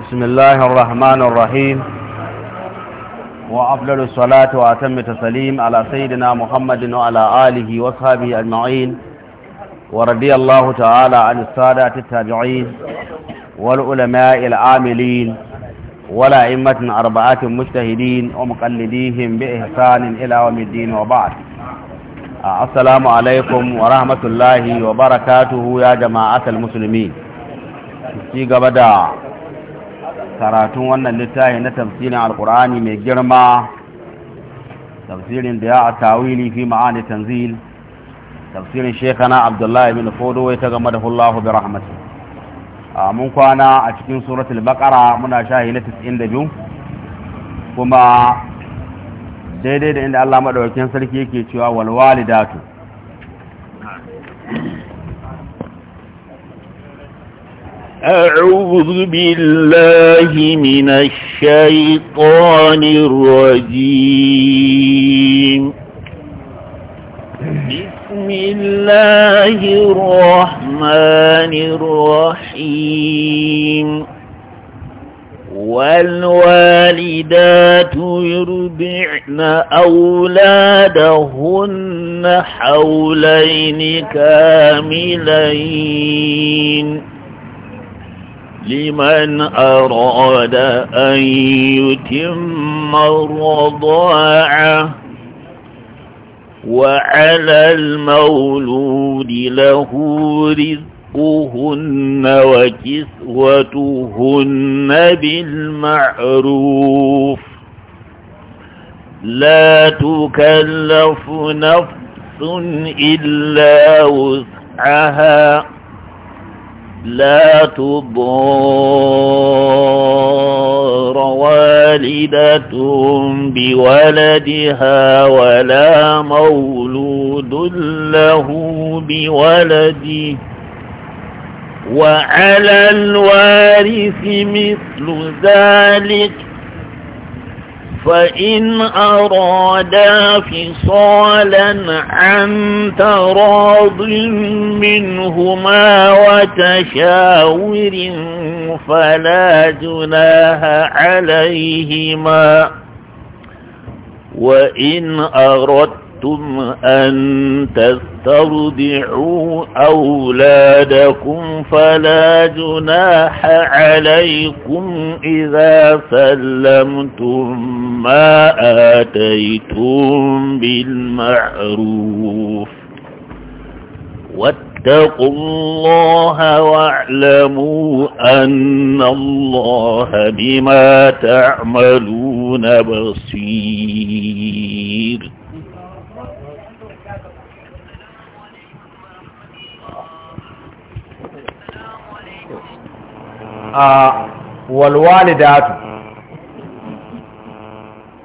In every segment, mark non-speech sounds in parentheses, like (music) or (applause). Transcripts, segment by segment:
بسم الله الرحمن الرحيم وأفضل الصلاة وأتم التسليم على سيدنا محمد وعلى آله وصحبه أجمعين ورضي الله تعالى عن السادة التابعين والعلماء العاملين ولا أئمة أربعة مجتهدين ومقلديهم بإحسان إلى يوم الدين وبعد السلام عليكم ورحمة الله وبركاته يا جماعة المسلمين ci gaba da karatun wannan littafi na tafsirin alkur'ani mai girma tafsirin da ya a tawili fi ma'ani tanzil tafsirin shekana abdullahi bin fodo ta game da hullahu da rahmatu a mun kwana a cikin suratul bakara muna shahi na 92 kuma daidai da inda allah maɗaukin sarki yake cewa walwalidatu أعوذ بالله من الشيطان الرجيم بسم الله الرحمن الرحيم والوالدات يربعن أولادهن حولين كاملين لمن أراد أن يتم الرضاعة وعلى المولود له رزقهن وكسوتهن بالمعروف لا تكلف نفس إلا وسعها لا تضار والدة بولدها ولا مولود له بولده وعلى الوارث مثل ذلك فإن أرادا فصالا عن تراض منهما وتشاور فلا جناه عليهما وإن أردت أردتم أن تسترضعوا أولادكم فلا جناح عليكم إذا سلمتم ما آتيتم بالمعروف واتقوا الله واعلموا أن الله بما تعملون بصير A walwalidatu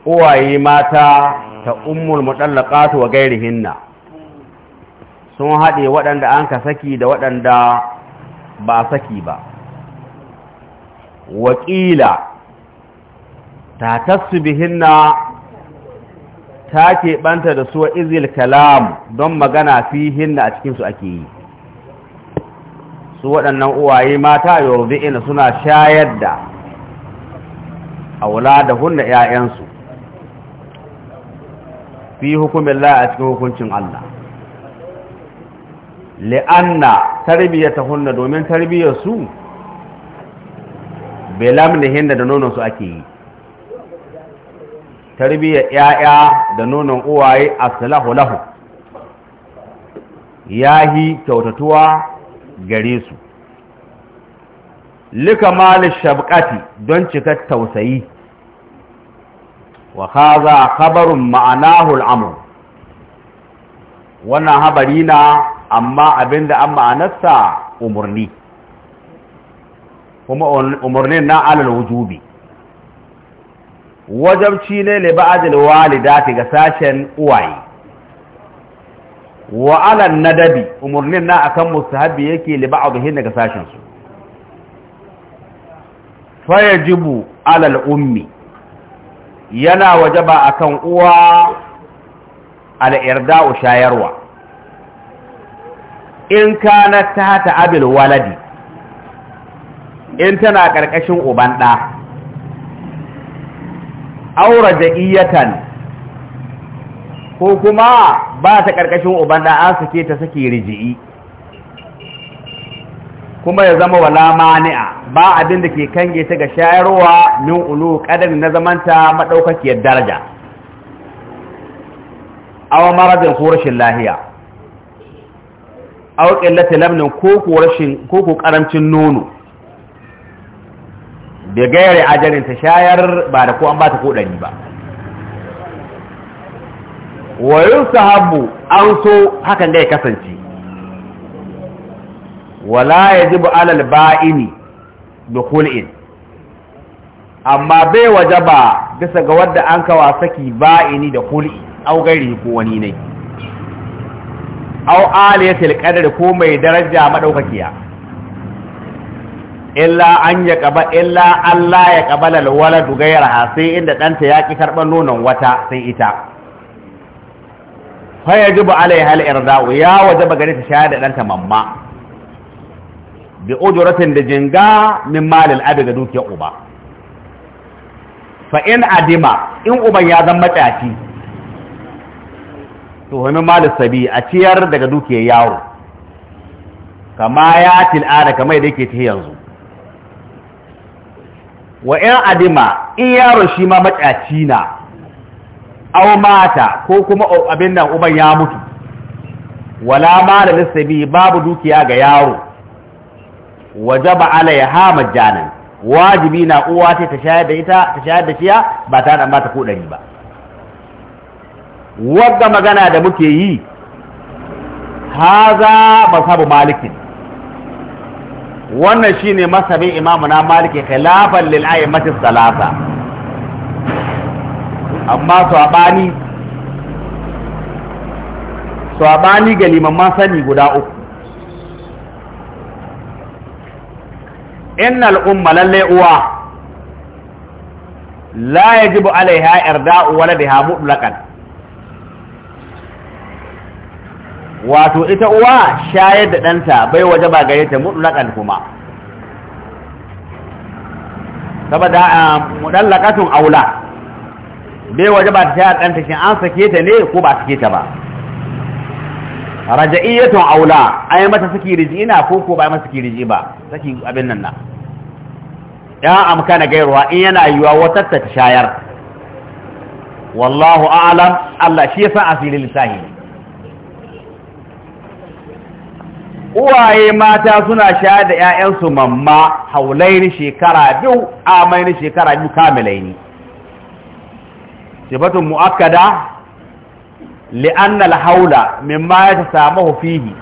uwaye mata ta ummul mutallaqatu wa hinna, sun haɗe waɗanda an ka saki da waɗanda ba saki ba wakila ta tasu hinna ta keɓanta da su wa izil kalam don magana fi hinna a cikinsu ake yi su waɗannan uwaye mata ina suna shayar da da hunda 'ya'yansu, fi hukumin la a cikin hukuncin Allah li'anna hunda domin tarbiyar su belamnihin da da su ake yi tarbiyyar ‘ya'ya da nonon uwaye a salahu lahu ya yi kyautatuwa gare su likamal shabkati don cikar tausayi wa hadha khabarun ma'anahu al'amr wannan habari na amma abinda an ma'anarsa umarni. kuma umurnin na alal wujubi wajabci ne li ba'd al walidati ga sashen uwaye wa ala nadabi umurnin na akan mustahabi yake li ba'dhihin daga sashin su fa yajibu ala ummi yana wajaba akan uwa al irda'u shayarwa in kana ta abil waladi in tana karkashin uban da aura iyatan. ko kuma ba ta ƙarƙashin uban da an suke ta suke riji'i kuma ya zama wala mani'a ba abin da ke kange ta ga shayarwa min ulu ƙadari na zamanta maɗaukakiyar daraja awa maradin ko rashin lahiya awa ƙillata lamnin ko ko nono da gayar ajarin ta shayar ba da ko an ba ta ko ba wa Habu, an so hakan da ya kasance wala ya yajibu alal ba'ini da kul'in amma bai wajaba bisa ga wadda an kawa saki ba'ini da kul'in au ko wani ne au aliyatil qadar ko mai daraja maɗaukakiya. illa an ya kaba illa Allah ya kabala gairaha sai inda ɗanta ya ƙi karban nonon wata sai ita fa yajibu alaiha al-irda'u ya waje ba gare ta shayar da danta mamma bi ujuratin da jinga min malil abi ga dukiyar uba fa in adima in uban ya zama matsaci to min malil sabi a ciyar daga dukiyar yaro. kama ya tilada kamar da yake ta yanzu wa in adima in yaro shi ma matsaci na aw mata ko kuma abin nan uban ya mutu wala mala lisabi babu dukiya ga yaro wajaba alaiha janan, wajibi na uwa ce ta shayar da ita ta shayar da shiya ba ta da mata ko ɗari ba wadda magana da muke yi haza masabu malikin wannan shine masabin imamu na maliki khilafan lil salasa amma saɓani saɓani ga limamman sani guda uku inna al'umma lalle uwa la yajibu alaiha irda'u waladiha mutlaqan wato ita uwa shayar da ɗanta bai waje ba gare ta mutlaqan kuma saboda ah, mudallaqatun aula bai waje ba ta shayar ɗanta shi an sake ta ne ko ba sake ta ba raja'iyyatun aula an yi mata saki riji na? ko ko ba mata saki riji ba saki abin nan na ya amka na gairuwa in yana yiwa wata ta shayar wallahu a'lam Allah shi yasa asirin lissahi uwaye mata suna shayar da 'ya'yansu mamma haulaini shekara biyu amaini shekara biyu kamilaini sifatun mu'akkada li'an al-haula mimma yatasamahu fihi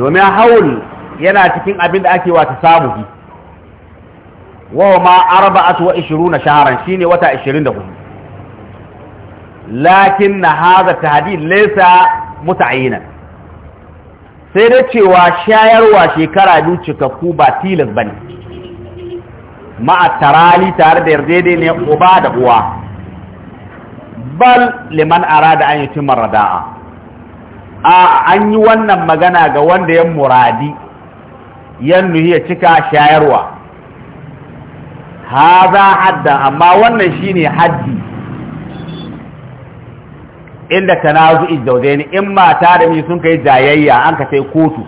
domin haul yana cikin abin da ake samu samuhi wa ma arba'atu wa 20 shi ne wata ishirin da 24 lakin na haza ta hadha tahdid laysa muta'ayyinan sai da cewa shayarwa shekara biyu cikakku ba tilas bane ma'a tarali tare da yarjejeniyar uba da uwa bal liman arada an yutimma rada'a a an yi wannan magana ga wanda ya muradi yannu ya cika shayarwa haza hadda amma wannan shine haddi inda tanazu ijdaudeni in mata da ni sun kai jayayya an ka sai kotu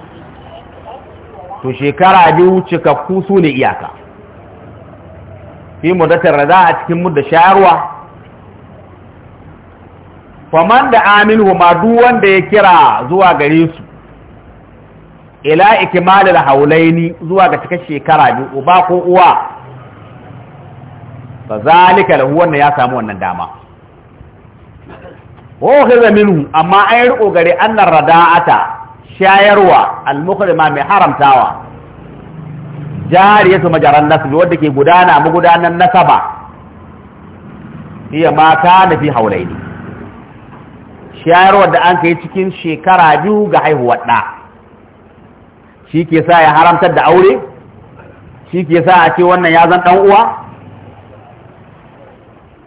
to shekara biyu cikakku su ne iyaka fi mudatar rada a cikin mudda shayarwa faman da aminu ma duk wanda ya kira zuwa gare su ila ikimalil haulaini zuwa ga cikin shekara biyu uba ko uwa ba zalika lahu wannan ya samu wannan dama wa khiza minhu amma an riko gare annar rada'ata shayarwa al-mukhrima mai haramtawa jariyatu majaran nasab wanda ke gudana mu gudanan nasaba iya mata na fi haulaini shayarwar da an kai cikin shekara biyu ga haihuwar ɗa shi ke sa ya haramtar da aure shi ke sa a ce wannan ya zan ɗan uwa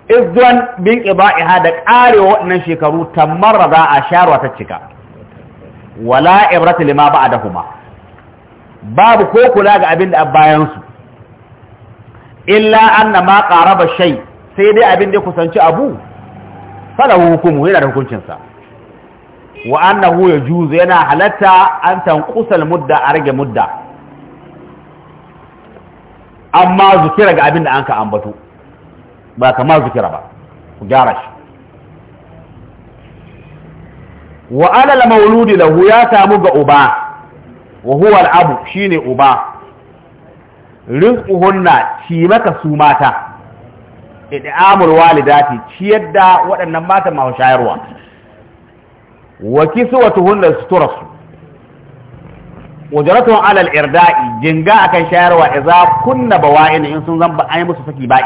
izduwan bin iha da ƙarewa waɗannan shekaru tamarra za a shayarwa ta cika wala ibrata lima ba da kuma babu ko kula ga abin da a bayansu illa anna ma qaraba shay sai dai abin da kusanci abu falahu hukumu yana da hukuncinsa wa annahu yajuzu yana halatta an tanqusal mudda a rage mudda amma zukira ga abin da an ka ambato ba kama zukira ba ku gyara shi wa alal mauludi lahu ya samu ga uba wa huwa al-abu shine uba rizquhunna ci maka su mata idamul walidati ciyar da waɗannan mata masu shayarwa wa kiswatuhun da suturarsu wajaratun alal irda'i jinga akan shayarwa idza kunna bawa'in in sun zamba an yi musu saki bai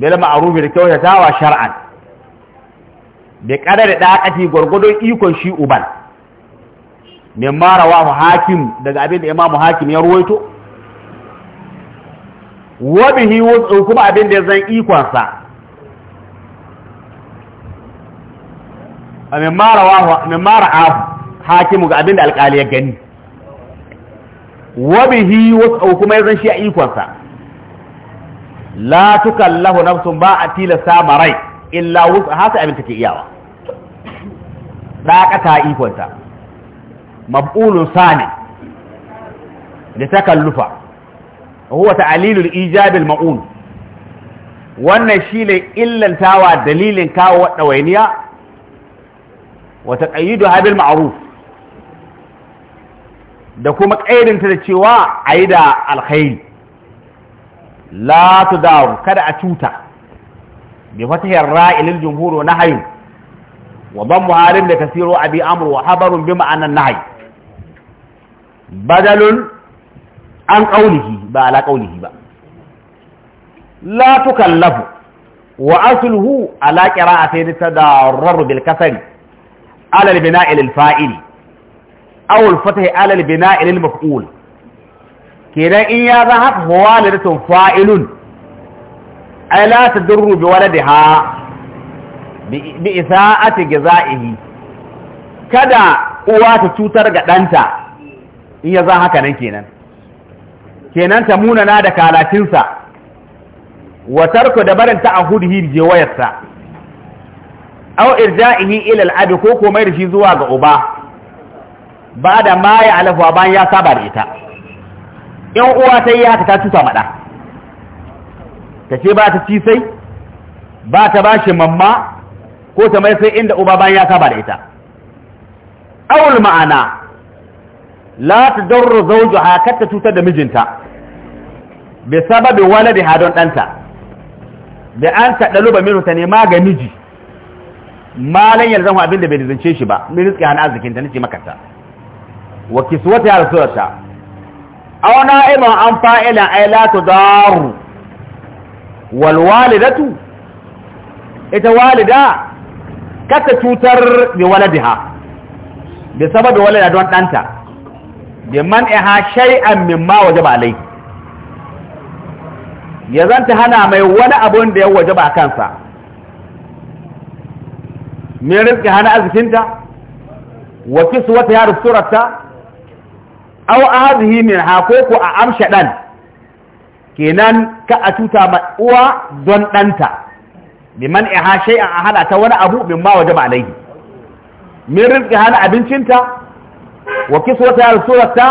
bil ma'ruf da kyautatawa shar'an bi qadari daqati gurgudun ikon shi uban mimma rawahu hakim daga abin da imamu hakim ya ruwaito wa bihi kuma abin da zan ikon sa min mara ahu hakimu ga abinda alkali ya gani wabihi wasu kuma ya shi a ikonsa la tukallahu nafsun ba a tilasta marai illa wasu haka abin take iyawa dakata ikonta mab'ulun sani da takallufa huwa ta'lilul ijabil ma'un wannan shine illantawa dalilin kawo wadawainiya wata ƙayyidu habil ma'aruf da kuma ƙairinta da cewa a yi da alkhairi la kada a cuta bi fatihar ra'ilil jumhur na hayu wa ban muharin da kasiro abi amru wa habarun bi ma'anan nahi badalun an qaulihi ba ala qaulihi ba la tukallafu wa asluhu ala qira'atayn da bil Kasari. على البناء للفاعل أو الفتح على البناء للمفعول كده إن يذهب هو لرسم فاعل ألا تدر بولدها بإساءة جزائه kada uwa ta cutar ga ɗanta in ya za haka nan kenan kenan ta munana da kalatinsa wa tarko da barin ta a hudhi je wayarsa aw irja'ihi ila al-abi ko ko mai shi zuwa ga uba ba da ma ya alafu ya saba da ita yan uwa sai ya ta tuta mada ta ce ba ta ci sai ba ta bashi mamma ko ta mai sai inda uba bayan ya saba da ita awul ma'ana la ta darru zawjuha kar cutar da mijinta bi sababi waladiha don danta bi an ta daluba minuta ne ma ga miji malan yalzamu abin da bai rizance shi ba min rizqi ana arzikin ta nace makanta wa kiswata rasulata aw na'iman an fa'ila ay la tudar wal walidatu ita walida kaka cutar bi waladiha bi sababi walida don danta bi man iha shay'an mimma wajaba alai ya zanta hana mai wani abun da ya wajaba kansa min rizqi hana azkinta wa kiswata ya rusurata aw hadhihi min ha ko a amsha dan kenan ka a tuta ma uwa don danta liman iha shai a hana ta wani abu min ma wajaba alaihi min rizqi hana abincinta wa wata ya rusurata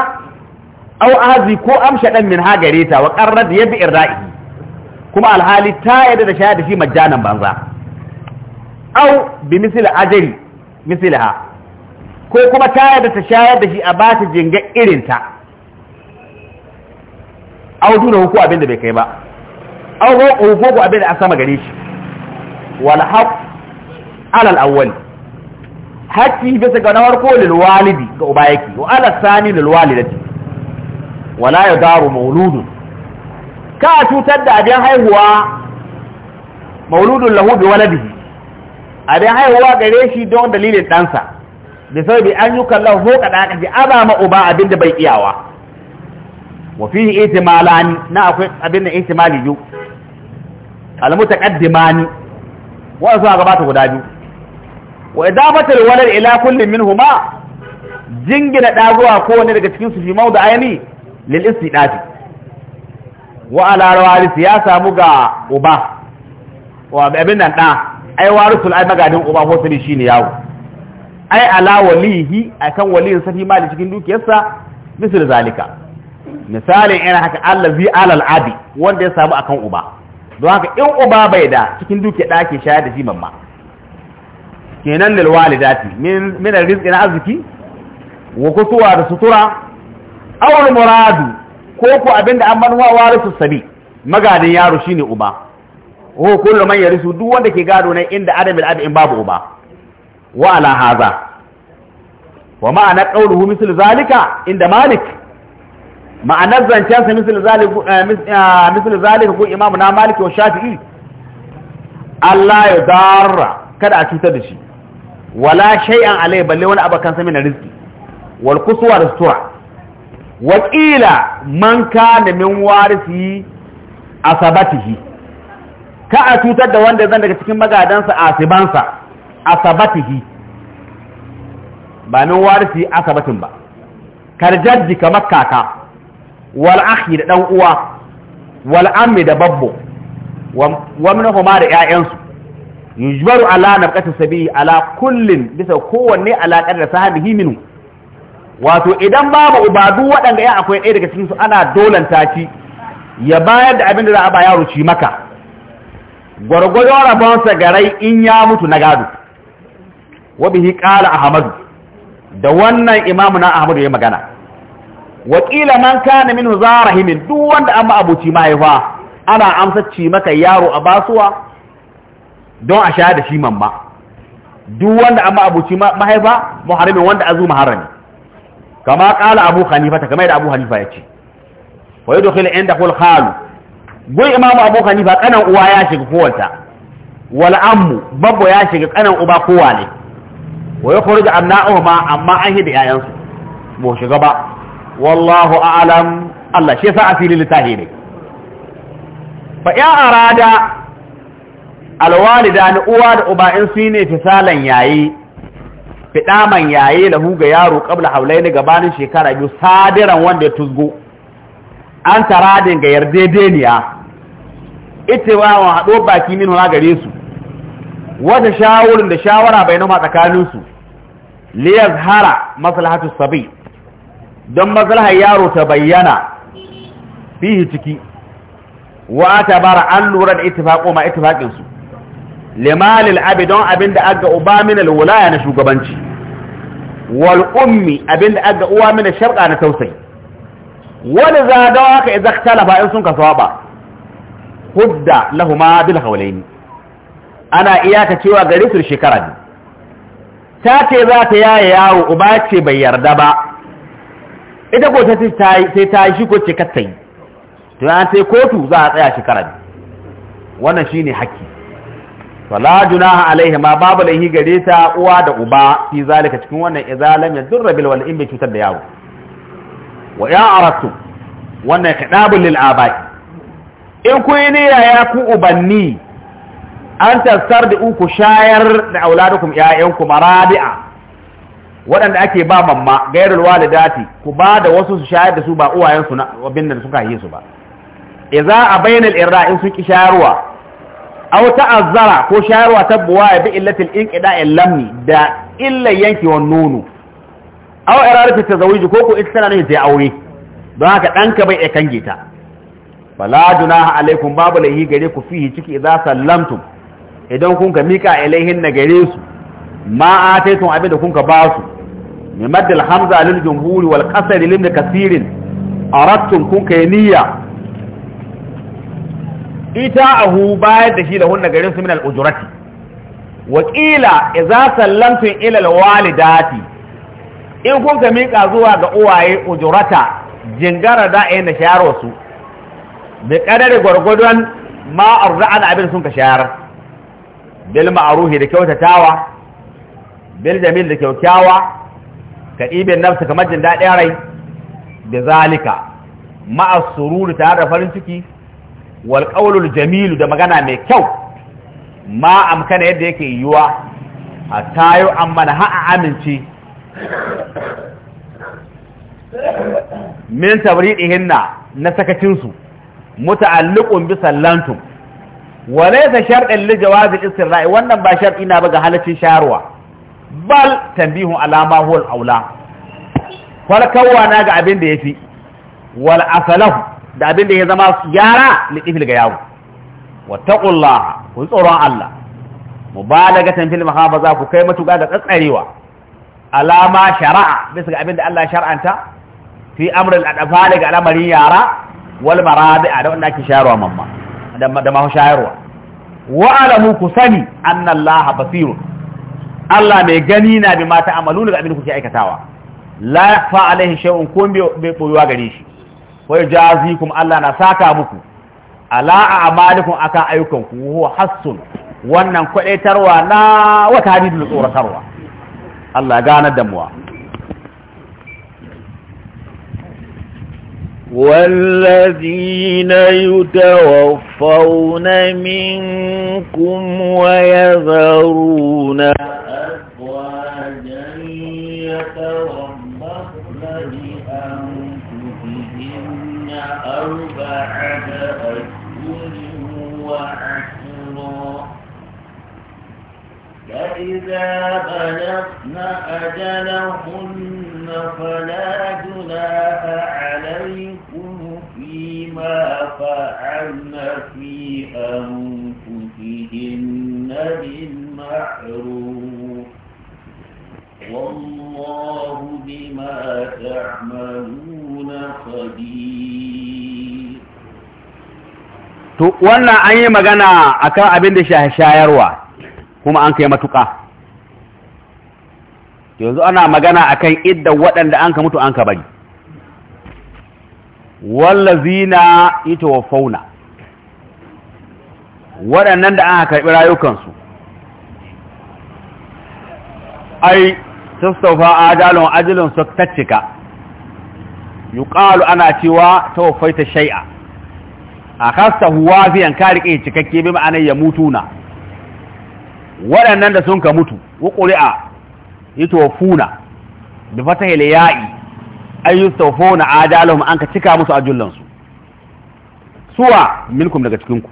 au azi ko amsha ɗan min ha ta wa qarrad yabi irra'i kuma alhali ta yadda da shayar da shi majjanan banza au bi misli ajri misliha ko kuma ta da ta shayar da shi a bata jinga irin ta au duna hukuku abin da bai kai ba au hukuku abin da aka sama gare shi wal haq ala al awwal haƙƙi bisa ga nawar ko lil walidi ga uba yake wa ala sani lil walidati wala yadaru mauludun ka cutar da abin haihuwa mauludun lahu bi waladihi abin haihuwa gare shi don dalilin ɗansa da sau bi an yi kallon kaɗa ka ji aza ma uba abin da bai iyawa wa fi ihtimalani na akwai abin da kaddi biyu almutaqaddimani wa su gabata guda biyu wa idafatul da ila kullum min huma jingina da zuwa kowane daga cikin su fi da ayani lil istidati wa ala rawali siyasa mu ga uba wa abin nan ɗan. ai warisul ai magadin uba sani shine yawo ai ala walihi akan waliyin sani mali cikin dukiyarsa misal zalika misalin irin haka allazi alal abi wanda ya samu akan uba don haka in uba bai da cikin duke ake shayar da shi mamma kenan lil walidati min min na arziki wa kutuwa da sutura aw muradu ko ko abinda an manwa warisul sabi magadin yaro shine uba wa kullu man yarisu duk wanda ke gado na inda adamil abi in babu uba wa ala hadha wa ma'ana qawluhu mislu zalika inda malik ma'anar zancen sa mislu zalika eh, eh, ko imamu na maliki wa shafi'i Allah ya darra kada a cutar da shi wala shai'an alai balle wani abakan sa min rizki wal kuswa da sutura asabatihi ka a cutar da wanda zan daga cikin magadansa asibansa asabatihi ba min warisi asabatin ba karjar jika makaka, wal akhi da dan uwa wal ammi da babbo wa min huma da ƴaƴansu yujbaru ala nafqati sabi ala kullin bisa kowanne alaƙar da sahabihi minu wato idan babu ubadu waɗanda ya akwai ɗaya daga cikin su ana dolanta shi ya bayar da abin da za a ba yaro ci maka gwargwado rabonsa garai in ya mutu na gado wa bihi qala ahmad da wannan imamu na ahmad ya magana wa qila man kana minhu zarahimin duk wanda amma abuci mahaifa ana amsa ci maka yaro a basuwa don a sha da shi mamma duk wanda amma abuci mahaifa muharramin wanda azu muharrami kama qala abu hanifa ta kamar da abu hanifa yace wa yadkhulu inda kul khalu gun imamu abu hanifa kanan uwa ya shiga kowanta wal ammu babba ya shiga kanan uba kowa ne wa ya kurga ma amma an hida yayansu ba shiga ba wallahu a'alam Allah shi sa a fili littafi ne fa ya arada alwalida ni uwa da uba in su ne fisalan yayi fidaman yayi lahu ga yaro qabla haulaini gabanin shekara biyu sadiran wanda ya tuzgo an taradin ga yardedeniya itewa wa haɗo baki min hona gare su wata shawarin da shawara bai nama tsakaninsu liyar hara maslahatu sabi don maslahar yaro ta bayyana fihi ciki wa ta bara an lura da ittifaqo ma su limalil abi don abinda aga uba min alwilaya na shugabanci wal ummi abinda aga uwa min sharqa na tausayi wani za don haka idza ikhtalafa in sun ba. hudda lahuma bil haulaini ana iyaka cewa gari shekara ne ta ce za ta yaya yawo uba ce bai yarda ba ita ko sai ta shi ko ce katta to an sai kotu za a tsaya shekara ne wannan shine haƙƙi wala junaha alaihi ma babu laihi gare ta uwa da uba fi zalika cikin wannan izalam ya durra bil wal in bai cutar da yawo wa ya aratu wannan kadabul lil abai in kun yi niyya ya ku ubanni an tassar da uku shayar da auladukum ƴaƴanku marabi'a waɗanda ake ba mamma gairul walidati ku ba da wasu su shayar da su ba uwayensu na abin da suka yi su ba idza abainal irra in sun ki shayarwa aw ta'azzara ko shayarwa tabbuwa ya bi illatil inqida lamni da illa yankewan nono aw irarati tazawuji ko ko ita tana ne ta aure don haka ɗanka bai ya kange ta fala junaha alaikum babu laihi gare ku fihi ciki idza sallamtum idan kun ka mika ilaihin na gare su ma ataitum abin da kun ka ba su min maddal hamza lil jumhur wal qasr lil kasirin aradtum kun kai niyya ita ahu bayar da shi da na garin su min al ujurati wa qila idza sallamtum ila al walidati in kun ka mika zuwa ga uwaye ujurata jingara da'ayin da shayarwa su bi kadari gwargwadon ma arza'an abin sun ka shayar bil ma'aruhi da kyautatawa bil jamil da kyaukyawa ka ibin nafsa kamar jin daɗin rai da zalika Ma'as sururi tare da farin ciki wal qawlul jamilu da magana mai kyau ma amkana yadda yake yiwuwa a tayo amana na ha'a aminci min tabridihinna na sakacinsu muta'alliqun bi sallantum wa laysa shar'an li jawaz al-istira'i wannan ba shar'i na ba ga halaccin sharuwa bal tanbihun ala ma huwa al-aula na ga abin da yafi wal asalahu da abin da ya zama yara li tifil ga yawo wattaqullaha ku tsoron Allah mubalagatan fil mahabaza ku kai matuka ga tsatsarewa alama shari'a bisa ga abin da Allah shar'anta fi amrul adafa daga al'amarin yara wal marabi'a da wanda ake shayarwa mamma da mahu shayarwa wa alamu ku sani annallaha basirun Allah mai gani na bi mata amalu da abin kuke aikatawa la fa alaihi shay'un kun bai koyuwa gare shi wa jazikum Allah na saka muku ala a'malikum akan ayyukan ku huwa hassun wannan kwadaitarwa na wata hadidul tsoratarwa Allah ganar da muwa والذين يتوفون منكم ويذرون أزواجا يتربطن بأنفسهن أربعة أشهر وعشرا فإذا بلغن أجلهن فلا جناح عليكم فيما فعلن في أنفسهن بالمعروف والله بما تعملون خبير to wannan an yi magana akan abin da shayarwa kuma an kai matuƙa yanzu ana magana a kan idda waɗanda an ka mutu an ka bari wallazina fauna waɗannan da ana karɓi rayukansu ai sassaufa adalun ajilin su taccika ƙalu ana cewa ta a shay'a huwa wafiyan ka rike cikakke bi ma'anar ya mutuna waɗannan da sun ka mutu wa ƙuri'a yutawfuna bi fatahil ya'i an yustawfuna adalahum an ka cika musu ajullan su suwa minkum daga cikin ku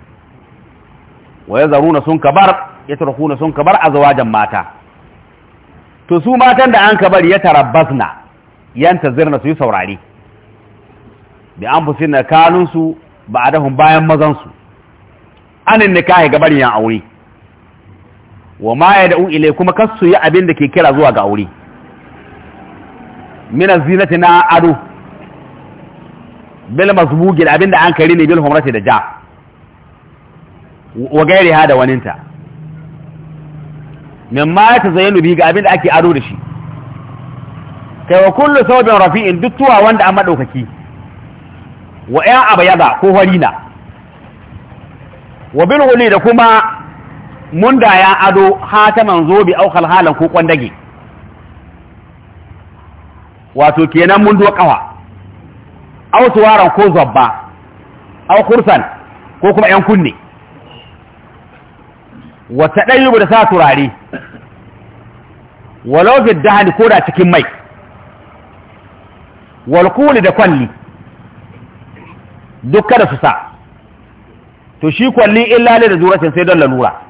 wa yazaruna sun kabar yatrukuna sun kabar azwajan mata to su matan da an ka bar ya tarabbasna yanta zirna su yi saurare bi an fusin na kanunsu ba a dahun bayan mazansu anin nikahi gabarin yan aure wa ma ya da'u ilai kuma kan su yi abin da ke kira zuwa ga aure minan zinati na ado bil mazbugi abin da an kari ne bil humrati da ja wa gairi ha da waninta min ma ya tazayyanu bi ga abin da ake ado da shi kai wa kullu sawbin rafi'in duk tuwa wanda an madaukaki wa ya abayada ko harina wa bil da kuma mun da ya ado hataman zobe au halhalan ko kwandage wato kenan mun do kawa au tuwaran ko zabba au kursan ko kuma yan kunne wata ɗayyubu da sa turare walau fi dahani ko da cikin mai walkuli da kwalli dukkan da su sa to shi kwalli illa ne da zuracin sai don lalura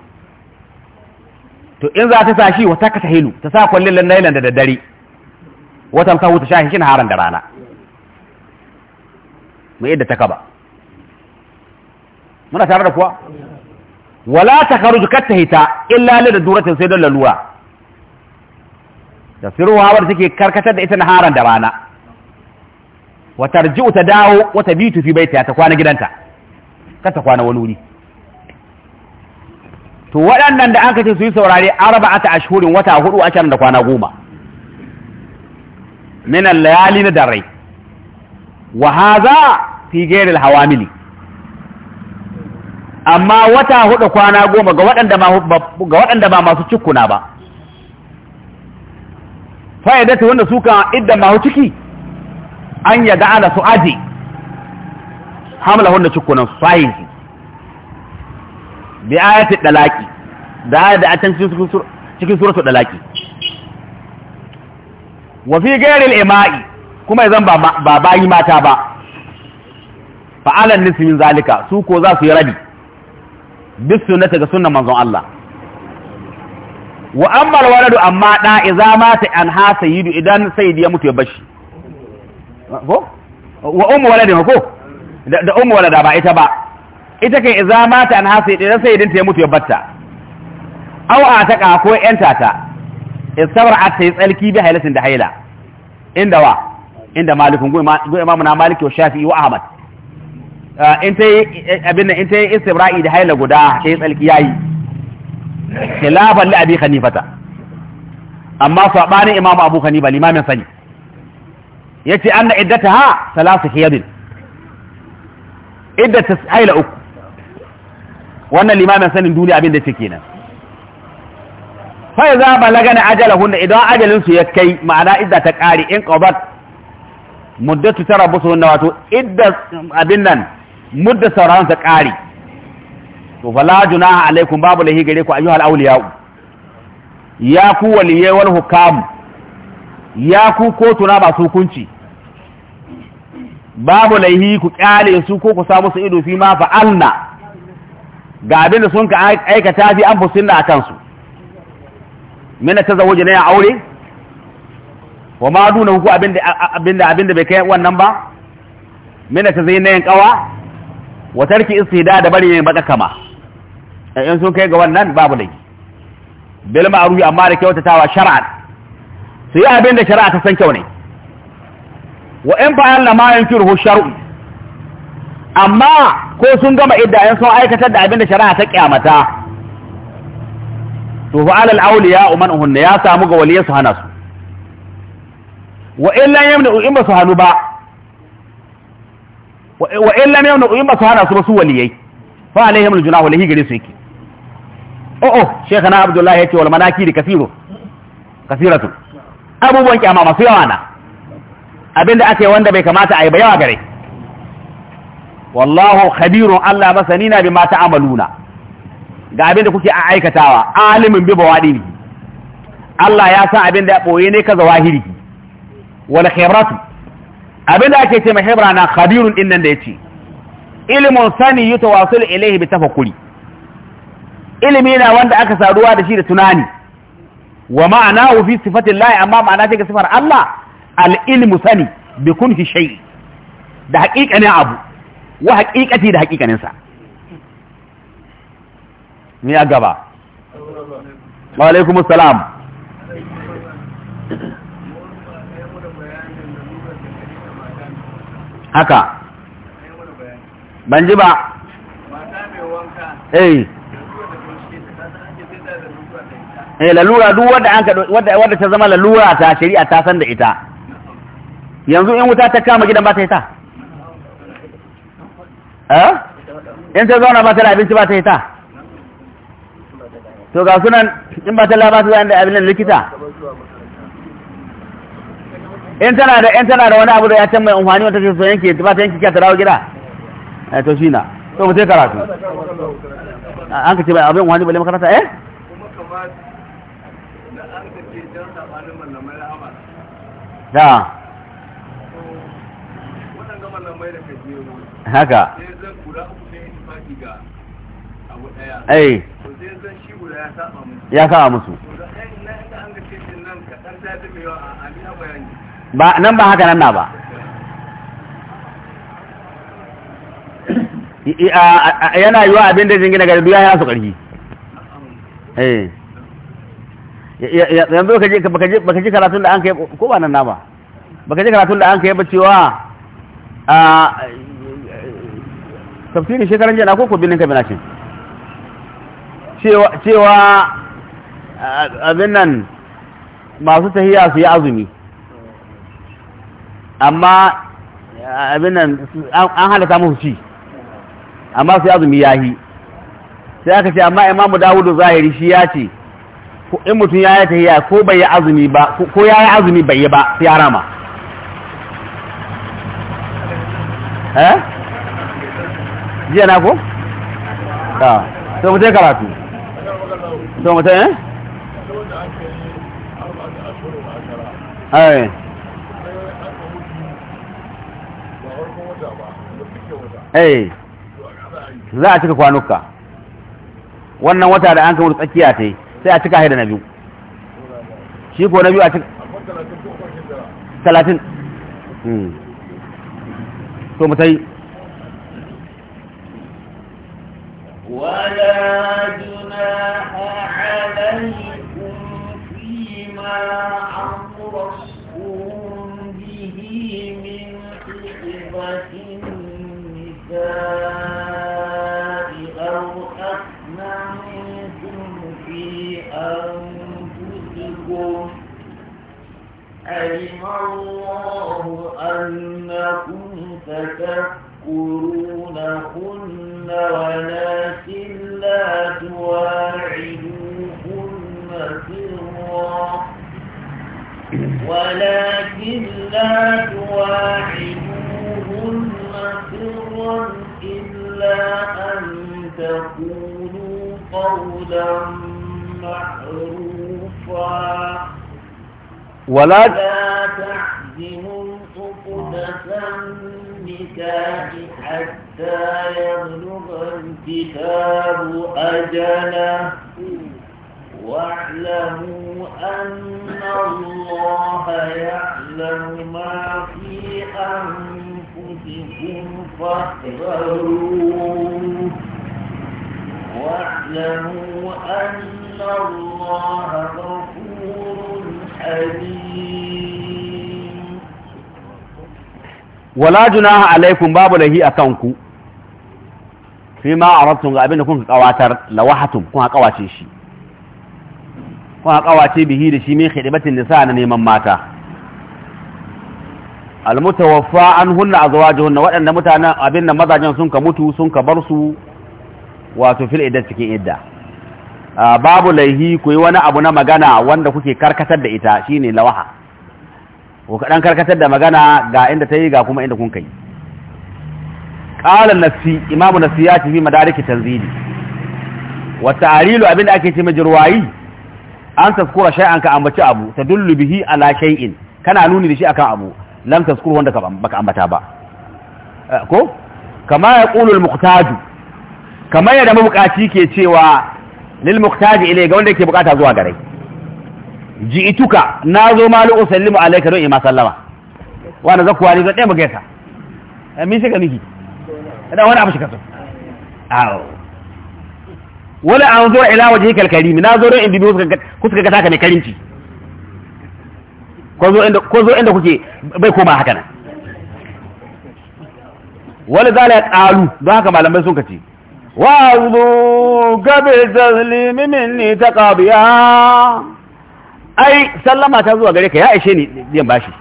to in za ta sa shi wata ka sahilu ta sa kwallin lannailan da daddare watan sahu ta shahi shi na haran da rana mu yadda ta kaba muna tare da kuwa wala ta karuju ta hita illa li da duratin sai don lalura da sirwa wadda take karkatar da ita na haran da rana wa tarji'u ta dawo wa tabitu fi baitiha ta kwana gidanta kar ta kwana wani wuri to waɗannan da an ce su yi saurare arba'ata ashhurin wata hudu ashirin da kwana goma minan layali na darai wa hadha fi ghairi hawamili amma wata hudu kwana goma ga waɗanda ba ga waɗanda ba masu cikuna ba fa'idatu wanda suka idda mahu ciki an yaga ala su aji hamla wanda cikunan size bi ayati dalaki da ayat da atan cikin suratul dalaki wa fi ghairil ima'i kuma yanzu ba bayi mata ba alan nisi min zalika su ko za su yi rabi bis sunnata ga sunnan manzon Allah wa amma waladu amma da iza mata an ha sayyidu idan sayyidi ya mutu ya bashi ko wa ummu waladi ko da ummu walada ba ita ba ita kan iza mata an hasa idan sai idan ta mutu ya batta aw a ta ka ko yan tata isabra at tayi tsalki bi hailatin da haila inda wa inda malikun go imamu na maliki wa shafi'i wa ahmad in ta yi abin nan in ta yi istibra'i da haila guda ta yi tsalki yayi khilafan li abi hanifata amma sabanin imamu abu hanifa limamin sani yace anna iddataha salasu hiyadin iddat haila uku wannan limamin sanin duniya abin da ce kenan fa za ajala ajalahunna idan ajalin su ya kai ma'ana idda ta kare in qabat muddatu tarabbusunna wato idda abin nan mudda sauran ta kare to fala junaha alaikum babu lahi gare ku ayyuhal awliya ya ku waliyai wal hukam ya ku kotuna masu hukunci babu laihi ku kyale su ko ku samu su ido fi ma fa'alna ga abin da sun ka aikata fi an fusin da a kansu mina ta zawo na ya aure wa ma duna ku abin da abin da bai kai wannan ba mina ta zai na yin kawa wa tarki istida da bari ne baka kama eh, in sun kai ga wannan babu dai bil ma'ruf amma da kyautatawa shar'an su yi abin da shar'a ta san kyau ne wa in fa'alna ma yankiru shar'u amma ko sun gama idda sun aikatar da abin da shari'a ta kyamata to fa alal awliya umman hunna ya samu ga waliyansu hana su wa illa yamna in ba su hanu ba wa in yamna in ba su hana su ba su waliyai fa alaihim aljunahu lahi gare su yake o o na abdullahi yace wal manaki da kasiru kasiratu abubuwan kyama masu yawa na abinda ake wanda bai kamata a yi ba yawa gare wallahu khabirun Allah masani na bima ta'amaluna ga abin da kuke a aikatawa alimin bi bawadi Allah ya san abin da ya boye ne ka zawahiri wal khibratu abin da ake ce ma na khabirun din nan da yace ilmun sani yutawasul ilayhi bi tafakkuri ilimi na wanda aka saduwa da shi da tunani wa ma'anahu fi sifatillahi amma ma'ana take sifar Allah al ilmu sani bi kunhi shay da ne abu wa haƙiƙati da haƙiƙaninsa ni a gaba wa alaikumus haka ban ji ba eh eh lalura duk wadda an wadda wadda ta zama lalura ta shari'a ta san da ita yanzu in wuta ta kama gidan ba ta yi ta Eh? in ta zauna ba ta da abinci ba ta yi ta to ga sunan in ba ta labata zai da abin likita in tana da in tana da wani abu da ya can mai amfani wata ce so yanke ba ta yanke ta dawo gida a eh, to shi na to mu sai karatu ah, an ka ce bai abin amfani bale makaranta eh da haka ai eh. ya kawo musu ba nan ba haka nan na ba yana yiwa abin da jingina gari duya ya su ƙarfi eh. yanzu ka ji karatun da an ka yi ko ba nan na ba ka ji karatun da an ka yi ba cewa a tafsirin shekaran jana ko ko binin kabinashin cewa abin nan masu tahiya su yi azumi amma abin nan an halata musu ci amma su yi azumi ya yi sai aka ce amma imamu dawudu zahiri shi ya ce in mutum ya yi tahiya ko bai yi azumi ba ko ya yi azumi bai yi ba sai harama eh jiya na ko? ta sai mutai karatu to mata eh? ai za a cika kwanuka wannan wata da an kama tsakiya ta yi sai a cika haida na biyu shi ko na biyu a cika talatin to hmm. mutai ولا جناح عليكم فيما أمرتم به من خطبة النساء أو أكملتم في أنفسكم علم الله أنكم تكفرون تذكرونهن ولكن لا تواعدوهن سرا ولكن لا تواعدوهن سرا إلا أن تقولوا قولا معروفا ولكن النكاح حتى يبلغ الكتاب أجله واعلموا أن الله يعلم ما في أنفسكم فاحذروه واعلموا أن الله غفور حليم wala junaha alaikum babu lahi akan ku fi ma arabtum ga abinda kun kawatar lawahatum kun kawace shi kun kawace bihi da shi min khidmatin nisa na neman mata an hunna azwajuhunna waɗanda mutanen abinda mazajen sun ka mutu sun ka bar su wato fil idda cikin idda ah, babu laihi ku yi wani abu na magana wanda kuke karkatar da ita shine lawaha ko kaɗan karkatar da magana ga inda ta yi ga kuma inda kun kai ƙalar nasi imamu nasi ya ci fi madariki tanzili wa abin abinda ake ce majirwayi an taskura shay'an ka ambaci abu ta dullu bihi ala shay'in kana nuni da shi akan abu lam taskuru wanda ka baka ambata ba eh, ko kama ya al muqtaj kama ya da mabukaci ke cewa lil muqtaj ilai ga wanda yake bukata zuwa gare ji'ituka na zo malu usallimu alayka don ima sallama wanda za ku wani don ɗaya magaita eh, mi shiga miki da wani abu shika to awo wani an zo ila waje hikal karimi na zo don in bibi kusa ga taka ne karinci ko zo inda kuke bai koma haka nan wani zala qalu don haka malamai sun kace wa'udhu zo gabe zalimi minni ni ta ai sallama ta zuwa gare ka ya ishe ni biyan bashi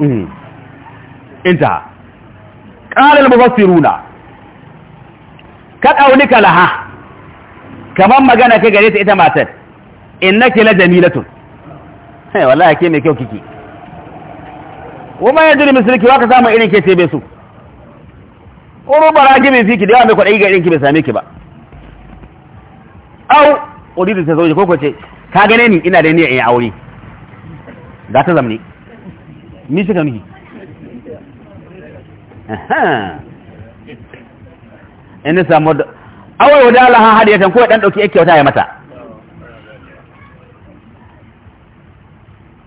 mhm. inta ƙarar mufassiruna ka ɗaunika laha kamar magana ka gare ta ita matar innaki la jamilatun hey wallahi ke mai kyau kiki kuma yanzu da misalki wa ka samu irin ke tebe bai su uru baragi mai fiki da yawa mai kwaɗayi ga irin ki bai same ki ba au uridu ta zauje ko ko ce ka gane ni ina da niyyar in aure ga ta zamani ni shi ka nuhi in samu da awai wadala ha hadiyatan ko dan dauki yake wata ya mata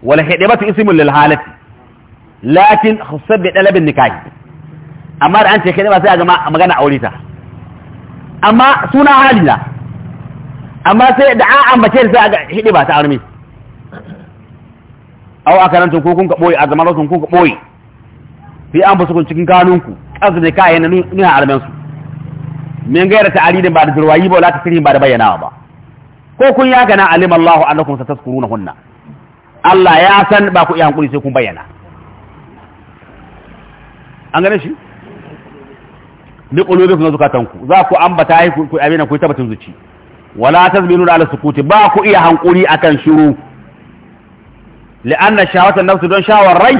wala su isi lil halati lakin khussat bi talabin nikahi amma da an ce kai ba sai a ga magana aure ta amma suna halila amma sai da an ambace da ga hidi ba ta armi aw akarantun ko kun ka boye azamar sun kun ka boye fi an basu kun cikin kanunku azu ne kayan ne ni a armen su men gaira ta aridin ba da durwayi ba la ta ba da bayyana ba ko kun ya gana alim Allah annakum satazkuruna hunna Allah ya san ba ku iya hankuri sai kun bayyana an gane shi bi qulubikum ku za ku ambata ku abin ku tabbatin zuci wala tazminu ala sukuti ba ku iya hankuri akan shiru li'anna shawata nafsu don shawar rai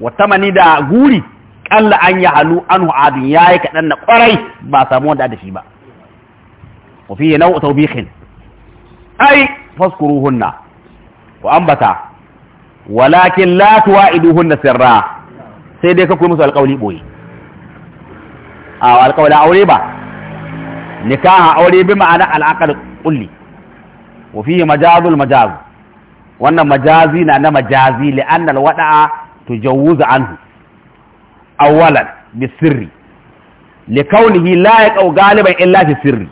wa tamani da guri kalla an ya halu anhu adin yi kaɗan na kwarai ba samu wanda da shi ba wa fi naw'u tawbihin ai faskuruhunna Ku ambata walakin la tuwa'iduhunna sirra sai dai ka kuma musu alƙawali ɓoye. a alƙawla aure ba nikaha aure bi ma'ana al'aqal kulli wa fihi wannan majazi na na majazi li anna alwada'a tujawuzu anhu bi sirri li kaunihi la yaqau galiban illa fi sirri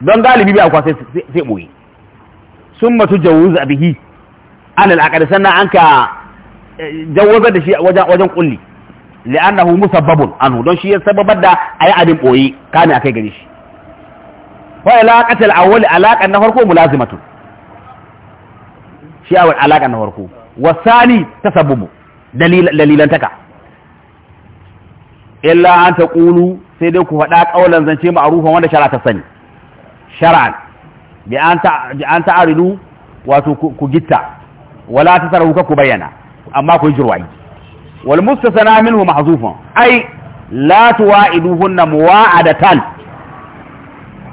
don galibi bai akwai sai boye summa tujawuzu bihi an al'aqal sannan anka eh, jawwaza da shi wajen wajen kulli li'annahu musabbabun anhu don shi ya sababar da ayi abin boye kana akai gare shi wa alaqatul awwal alaqan na farko mulazimatu shi awal alaqan na farko wasani tasabbubu dalilantaka illa an ta taqulu sai dai ku faɗa ƙaunar zance ma'arufan wanda shara ta sani shara'an bi an ta'aridu wato ku gitta wala ta sarrafa ku bayyana amma ku yi jirwayi wal min minhu mahzufan ai la tuwa'iduhunna muwa'adatan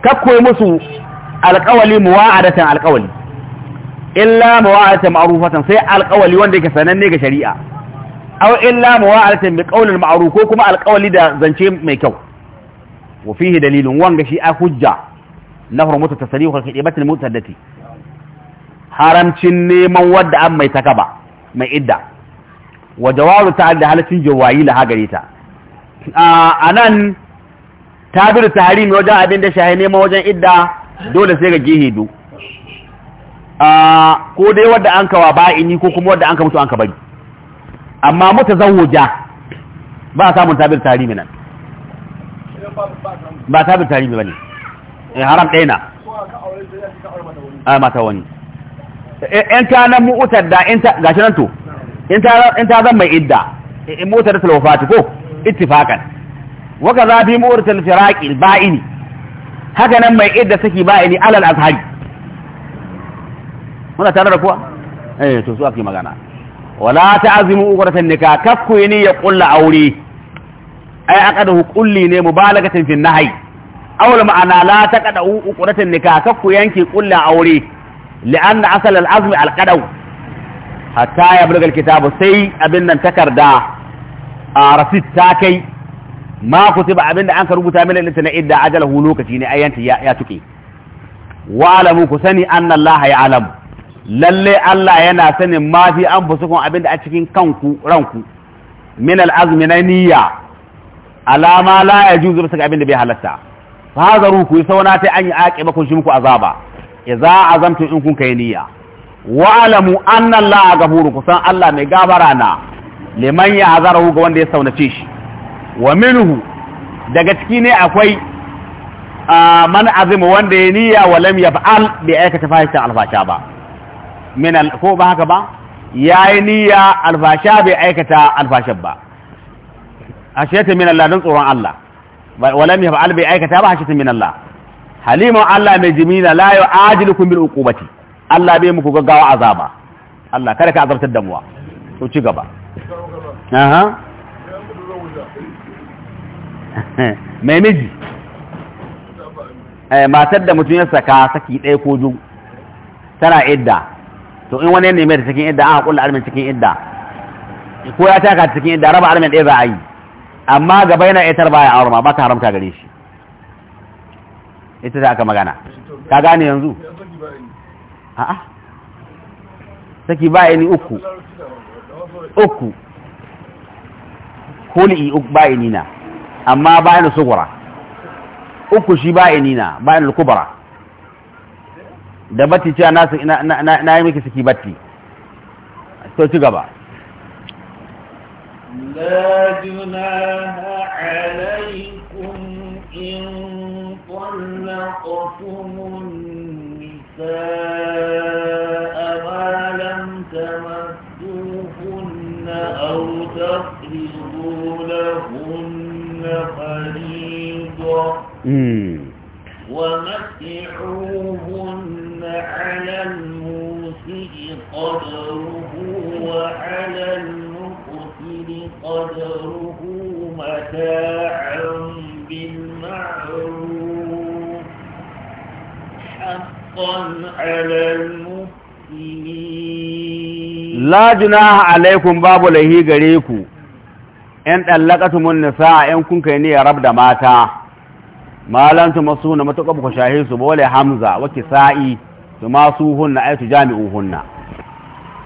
Kakwai musu alƙawali muwa'adatan alƙawali illa muwa'adatan ma'rufatan sai alƙawali wanda yake sananne ga shari'a aw illa muwa'adatan bi qawlin ma'ruf ko kuma alƙawali da zance mai kyau wa fihi dalilun wanga shi a hujja na hurmatu tasrihu ka kidabatul mutaddati haramcin neman wadda an mai takaba mai idda wa jawaru ta'adda halatin jawayi la hagarita a anan tabir tahrimi wajen abin da shahi nema wajen idda dole sai ga gehe do a ko dai wanda an kawa ba'ini ko kuma wanda an ka mutu an ka bari amma mutazawwija ba samun tabir tahrimi nan ba tabiru tahrimi ba eh haram ɗaya na a mata wani eh, in ta nan mu'utar da in ta gashi nan to in ta zan mai idda in mu'utar da talwafati ko ittifakan waka za fi mu'urtul firaƙi ba'ini haka nan mai idda saki ba'ini alal azhari muna tare da kuwa eh to su ake magana wala ta ta'zimu uqratan nikah kakku yini ya qulla aure ai aka da qulli ne mu mubalagatan fi nahyi awal ma'ana la ta taqada uqratan nikah kakku yanki qulla aure li'an asal al-azmi al-qadaw hatta yablugha al-kitab sai abin nan takarda a rasit ta kai ma abin abinda an ka rubuta min lita na idda ajalahu lokaci ne ayyanta ya, ya tuke wa alamu ku sani anna Allah ya alamu lalle Allah yana sanin ma fi anfusukum abinda a cikin kanku ranku min al-azmi na niyya alama la yajuzu bisa abinda bai halatta fa ku sauna ta an yi aqiba kun shi muku azaba idza azamtu in kun kai niyya wa alamu anna Allah ghafurun kusan Allah mai gabara na liman ya hazarahu ga wanda ya saunace shi wa minuhu daga ciki ne akwai man azima wanda ya niyya wa lam yaf'al bi aikata fahisha alfasha ba min al ko ba haka ba yayi niyya alfasha bi aikata alfasha ba ashiyata min Allah dan tsoron Allah wa lam yaf'al bi aikata ba ashiyata min Allah halimun Allah mai jimina la yu'ajilukum bil uqubati Allah bai muku gaggawa azaba Allah kada ka azabtar da muwa ko ci gaba aha (laughs) mai miji eh, matar da mutum ya saka saki ɗaya ko biyu tana idda to in wani ne da cikin idda aka kulla almin cikin idda ko ya taka cikin idda raba almin ɗaya za a yi amma gaba yana itar baya aure ma ba ta haramta gare shi ita ta aka magana ka gane yanzu a'a saki ba ni uku uku kuli uku ba ni na amma bayan sugura uku shi nina bayan kubara da batti cewa na yi miki suke batti to ci gaba لا جناح عليكم إن طلقتم النساء wala junaha alaikum babu lahi gare ku in dallaqatumun nisaa in kun kai ne rab da mata malan tu masuna matuƙa buka shahe su bole hamza wa sa'i su masu hunna ay tujami'u hunna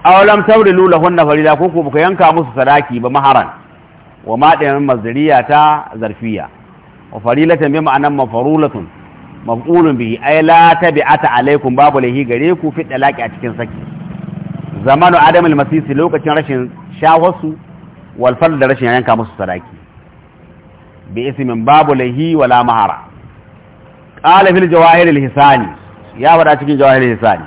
aw lam tawrilu lahunna farida ko ku yanka musu sadaki ba maharan wa ma da mazriya ta zarfiya wa farilatan bi ma'anan mafarulatun maf'ulun bihi ai la tabi'ata alaikum babu lahi gare ku fi dalaqi a cikin saki zamanu adam al-masisi lokacin rashin shawarsu wal da rashin yanka musu sadaki bi ismin babu lahi wala mahara qala fil jawahir al-hisani ya wada cikin jawahir al-hisani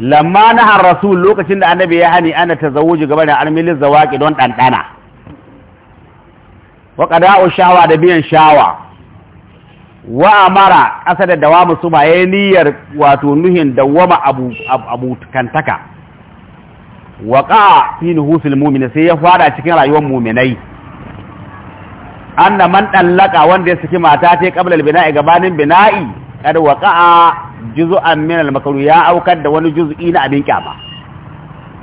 lamma nahar rasul lokacin da annabi ya hani ana tazawuji gaban armilin zawaqi don dandana wa qada'u shawa da biyan shawa wa amara ƙasa da dawamu su ma niyyar wato nuhin dawama abu abukantaka waƙa'a fi nuhusil mu'mina sai ya fara cikin rayuwar mu'minai anna man dallaka wanda ya saki mata ta qabla al-bina'i gabanin bina'i kad waqa juz'an min al-makru ya aukar da wani juz'i na abin kyama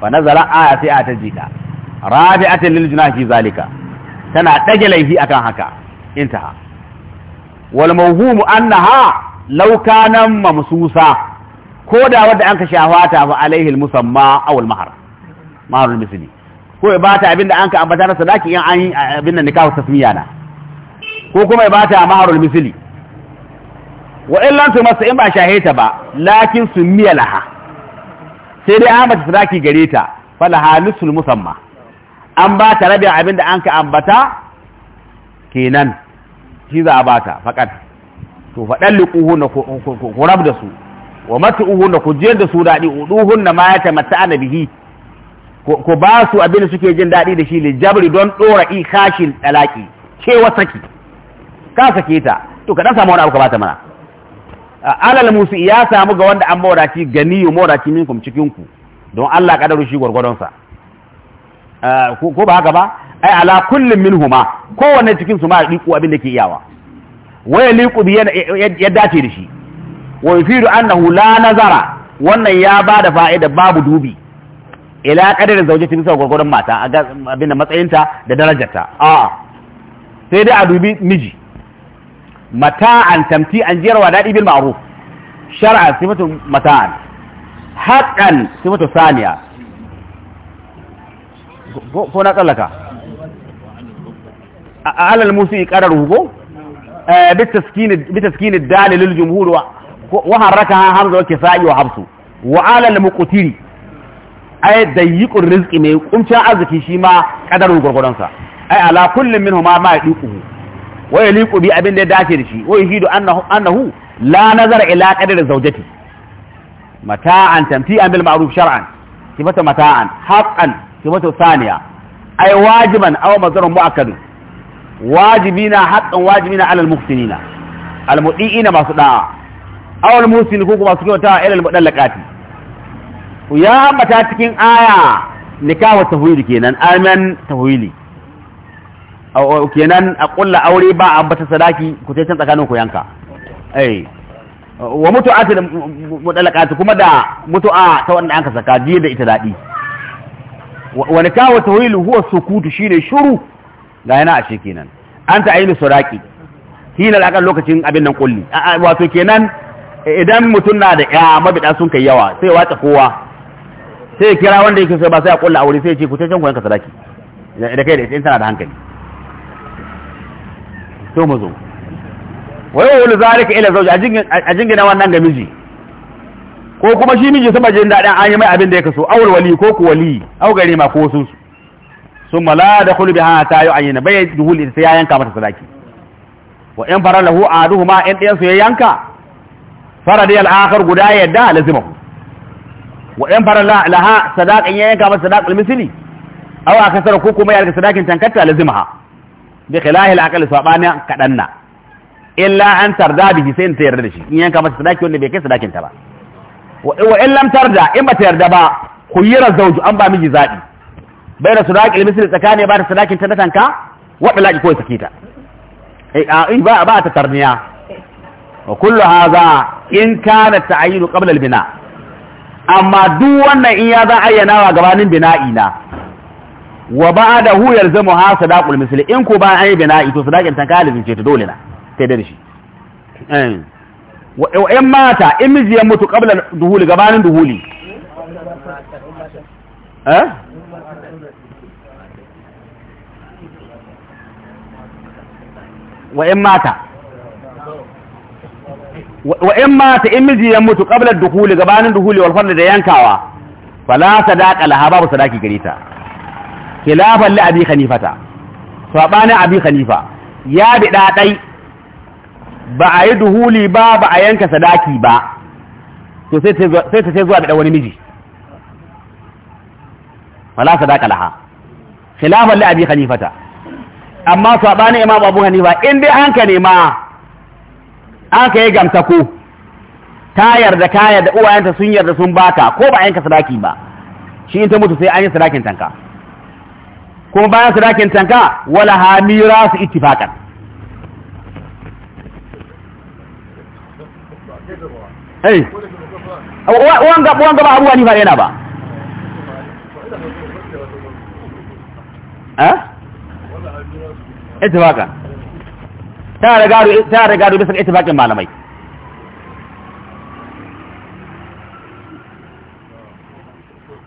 fa nazara aya sai ta rabi'atan lil junahi zalika tana dage laifi akan haka intaha wal mawhumu annaha law kana mamsusa ko da wanda an ka shahwata fa alaihi al-musamma aw al-mahar maharul misli ko ya bata abinda an ka ambata na sadaki in an yi abinda nikahu tasmiya na ko kuma ya bata ma'arul misli wa illan tu masu in ba shaheta ba lakin miya laha sai dai an bata sadaki gare ta fala halisul musamma an ba ta abin abinda an ka ambata kenan shi za a bata fakat to faɗan liƙuhu na ku rab da su wa matu'uhu na ku jiyar da su daɗi uɗuhun na ma ya mata bihi ko ba su abin suke jin daɗi da shi lijabri don ɗora i kashin ɗalaƙi cewa saki ka sake ta to ka ɗan samu wani abu ka bata mana alal musu ya samu ga wanda an mawadaci gani yi mawadaci minkum cikinku don Allah kadaru shi gwargwadonsa ko ba haka ba ai ala kullum min huma kowanne cikin su ma liku abin da ke iyawa waya liku bi ya dace da shi wa yufidu annahu la nazara wannan ya ba da fa'ida babu dubi ila kadarin zaujati bisa gurgurun mata a ga abin da matsayinta da darajarta a sai dai a dubi miji mata'an tamti an jiyarwa daɗi bil ma'ruf shar'an sifatu mata'an haqqan sifatu saniya ko na tsallaka a alal musu musi qarar hugo بتسكين الدال للجمهور وحركها همزة habsu. wa alal المقتري ai dayyikun rizqi mai kumcin arziki shi ma kadarun gurgurdan sa ai ala kullum minhu ma ma yadiquhu wa yaliqu bi abin da ya dace da shi wa yuhidu annahu annahu la nazara ila qadari zawjati mata'an tamti'an bil ma'ruf shar'an kibata mata'an haqqan kibata saniya ai wajiban aw mazarun mu'akkad wajibina haqqan wajibina ala al muhsinina al mudiina masu da'a aw al muhsin ko kuma su kyauta ila al mudallaqati ya ambata cikin aya nikahu tahwili kenan amen tahwili kenan a kulla aure ba a ambata sadaki ku sai can tsakanin ku yanka eh wa mutu'atu mudallaqatu kuma da mutu'a ta wanda anka saka jiya da ita dadi wa nikahu tahwili huwa sukutu shine shuru ga yana a kenan an ta aini sadaki hina al'akan lokacin abin nan kulli wato kenan idan mutum na da ya mabida sun kai yawa sai wace kowa sai ya kira wanda yake so ba sai a kulla aure sai ya ce ku cancan yanka sadaki da kai da ita tana da hankali to mu zo wa wani zalika ila zauji a jingina wannan ga miji ko kuma shi miji sama jin daɗin an yi mai abin da ya kaso awul wali ko ku wali au gari ma ko sun sun mala da kulu bi hata yu ayyana bai duhuli sai ya yanka mata sadaki wa in fara lahu aduhuma in ɗayan su ya yanka fara da al guda yadda lazimahu waɗan fara laha sadaƙin ya yanka masa sadaƙul misili aw a kasar ko kuma ya rika sadakin tankarta lazimha bi khilahi al-aqli sabana kadanna illa an tarda bihi sai ta yarda da shi in yanka masa sadaki wanda bai kai sadakin ta ba wa in lam tarda in ba ta yarda ba khuyira zawju an ba miji zabi bayna sadaqil misli tsakani ba ta sadakin ta na tanka wa bilaki ko sakita eh ba ba ta tarniya wa kullu hadha in kana ta'ayinu qabla al-bina' amma duk wannan in ya za ayyana wa gabanin bina'i na wa huyar yalzamu ha sadaqul misli in ko ba an yi bina'i to sadaqin tankalifin ce ta dole na sai da shi eh. wa in mata in miji ya mutu qabla duhuli gabanin duhuli eh wa in mata wa in mata in miji ya mutu qabla dukhuli gabanin dukhuli wal fard da yankawa fala sadaqa laha babu sadaki gare ta khilafan li abi khanifata sabana abi khanifa ya bi da dai ba a yi duhuli ba ba a yanka sadaki ba to sai ta ce zuwa da wani miji fala sadaka laha khilafan li abi khanifata amma sabana imam abu hanifa in dai an ne ma. an ka yi gamsako ta yarda ka yarda uwayenta sun yarda sun baka ko ba yanka sadaki ba shi in ta mutu sai an yi sadakin tanka kuma bayan sadakin tanka wala hamira su ittifaqan eh wanga wanga ba abuwa ni ba yana ba eh ittifaqan ta da bisa malamai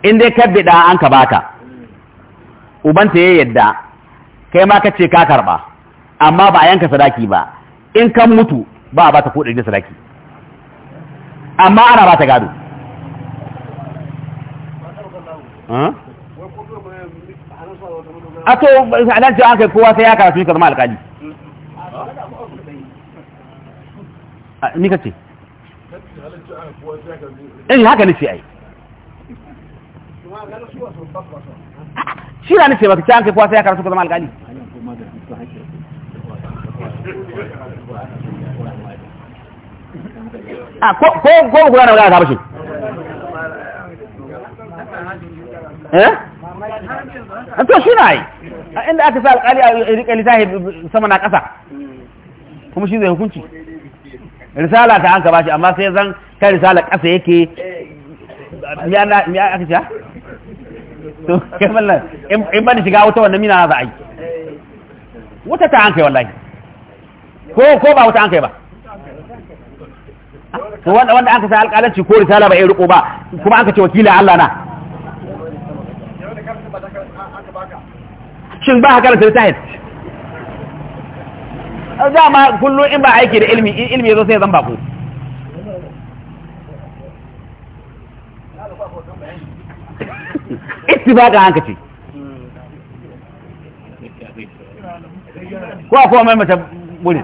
in dai an ka baka ubanta ya yadda kai ma ka ka karba amma ba a yanka sadaki ba in kan mutu ba a ba ta kuɗi da sadaki amma ana ba ta gado a to a nan ce an kai kowa sai ya karatu ka zama alkali ni ka ce eh haka ne ce ai shi na nace baka ci an kai kowa ya karatu ka zama alƙali a ko ko ko gura na wadata bashi eh an to shi na yi inda aka sa alƙali a rika littafi sama na ƙasa kuma shi zai hukunci risala ta an bashi amma sai zan kan risala ƙasa yake ya aka ce to kai mallan in shiga wuta wannan mina za a yi wuta ta an kai wallahi ko ko ba wuta an kai ba wanda wanda aka sa alƙalanci ko risala ba ya riko ba kuma aka ce wakila Allah na shin ba haka da tsayin dama kullum in ba aiki da ilmi ilmi zo sai zan ba (laughs) ittifaqa hanka ce ko akwai mai mata guri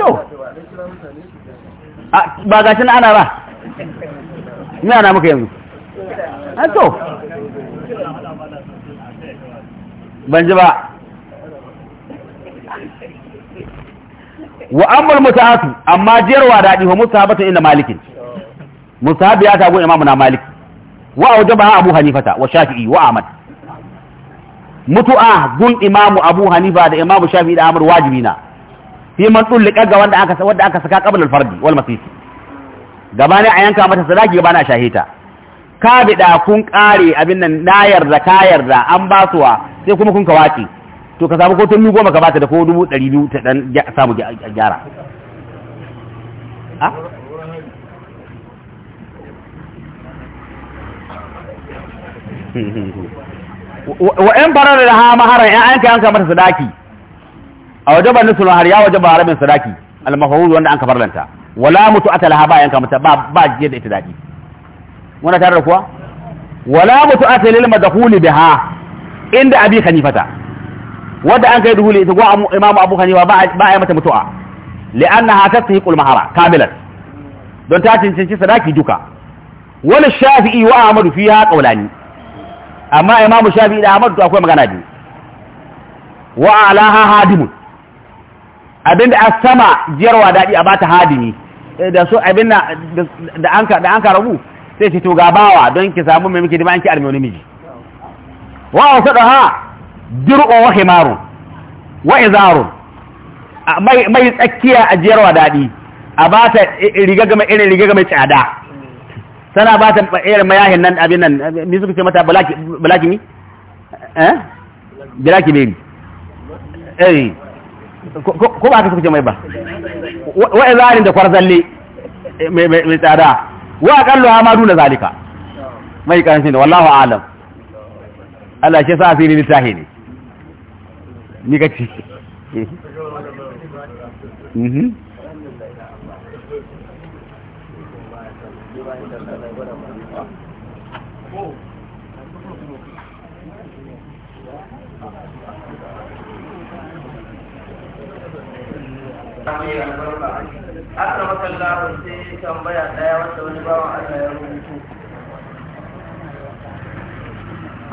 to ba ga shi na ana ba ni ana muka yanzu to ban ji ba wa ammal mutahatu amma jiyarwa dadi wa mustahabatu inda malikin mustahabi ya ta go imamu na maliki wa awjaba abu hanifata wa shafi'i wa ahmad mutu'a gun imamu abu hanifa da imamu shafi'i da amr wajibi na fi man dullika ga wanda aka wanda aka saka qabla al-fardi wal masjid gabani a yanka mata sadaki gabani a shahita ka bida kun kare abin nan na yarda ka yarda an basuwa sai kuma kun kawace to ka samu ko tun goma ka bata da ko dubu ɗari biyu ta ɗan samu gyara ah? (laughs) wa ‘yan farar da ha maharan ‘yan an ka yanka mata sadaki a waje ba nisu har ya waje ba haramin sadaki almahuru wanda an ka farlanta wala mutu ata laha ba yanka mata ba jiya da ita daɗi muna tare da kuwa wala mutu ata lil madkhuli biha inda abi khanifata wadda an kai duhuli ita gwa imamu abu hanifa ba a yi mata mutu'a li'annaha tastahiqu al-mahara kamilan don ta cancanci sadaki duka wani shafi'i wa amadu ahmadu fiha qawlani amma imamu shafi'i da amadu akwai magana biyu wa alaha hadimun abinda a sama jiyarwa daɗi a bata hadimi eh, da so abin da an ka da an ka rabu sai ki to gabawa don ki samu mai miki da an ki armi wani miji wa ha. dir'un wa himaru wa izaru mai tsakiya a wa daɗi a ba ta riga gama irin riga gama tsada sana ba ta irin mayahin nan abin nan ni suka ce mata balaki ni eh balaki ne eh ko ba ka suka ce mai ba wa izarin da kwarzalle eh, mai tsada wa aqallu amadu na zalika mai karancin da wallahu alam Allah shi sa asiri littahi ne ni ka ce Akwai albarka, aka maka labar sai tambaya ɗaya wata wani bawan Allah ya rubutu.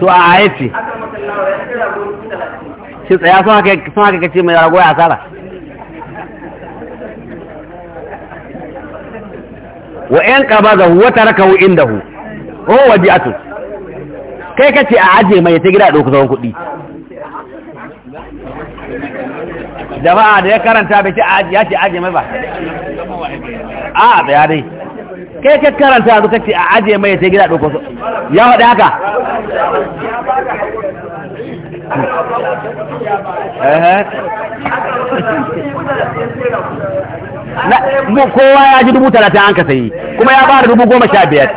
to a aye ce shi tsaya sun haka kace mai rago ya tsara wa ‘yan ƙaba ga wata raka wu'in inda hu o waje atu kai kace a aje mai ta gida ɗauku zaun kuɗi jama'a da ya karanta bai ce ya ce aje mai ba a tsaya dai kai ka karanta a kace a ajiye mai sai gida ɗauko su ya faɗi haka mu kowa ya ji dubu talatin an ka sayi kuma ya bada dubu goma sha biyar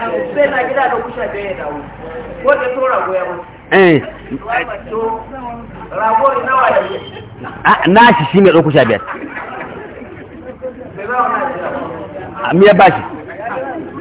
eh. na shi shi mai ɗauku sha biyar me ba bashi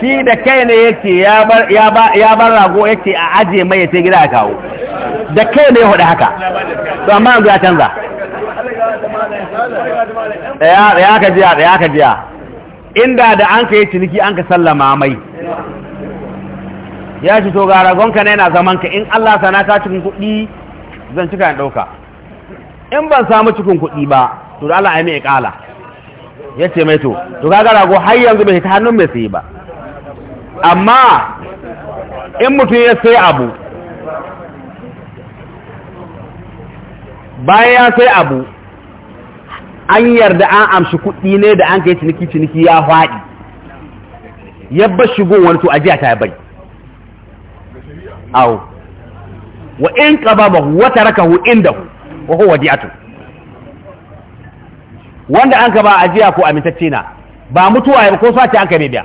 shi da kai ne yake ya bar rago yake a aje mai ya ce gida a kawo da kai ne ya hudu haka to amma yanzu ya canza ya ka jiya ya ka jiya inda da an ka yi ciniki an ka sallama mai ya ci to ga ragonka na yana zaman ka in Allah sana ka cikin kuɗi zan cika in ɗauka in ban samu cikin kuɗi ba to da Allah ya mai kala ya ce mai to to kaga rago har yanzu bai ta hannun mai sayi ba amma in mutum ya sai abu bayan ya sai abu an yarda an amshi kuɗi ne da an kai ciniki ciniki ya faɗi yabba shigo wani to ajiya ta bari aw wa in raka wa tarakahu hu, wa huwa ato. wanda an ka ba ajiya ko amintacce na ba mutuwa ba ko sace an ka ne biya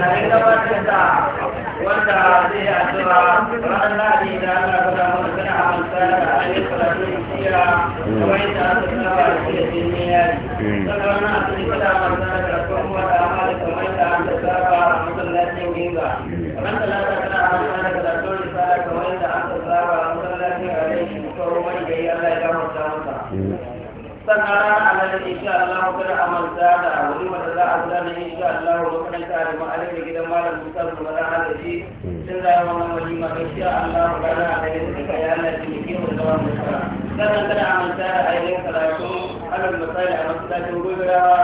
yayin gabatar da wanda zai addu'a ranar lahadi da ana guda mana suna da siya kuma suna ba da kuma da a masallacin ginga ranar da karatu rana a nan insha Allah kada a manta da wani wanda za a gudanar insha Allah makaranta da ma'anar da gidan malam Musa da mara halaji sun zai wannan walima insha Allah rana a nan suka yana da ke mu da wannan sara sannan kada a manta da ainihin karatu alal misali a masallacin gobirawa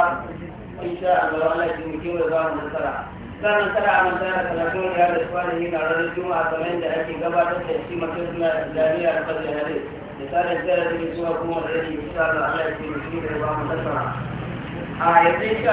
insha Allah Allah ya ke mu da wannan sara sannan kada a manta da karatu ya da tsari ne na ranar juma'a kamar da ake gabatar da shi masu suna islamiyya da fadin misalin tsara ya ke zuwa kuma da yake da ala ya ke mutum da ba mu nasara a yanzu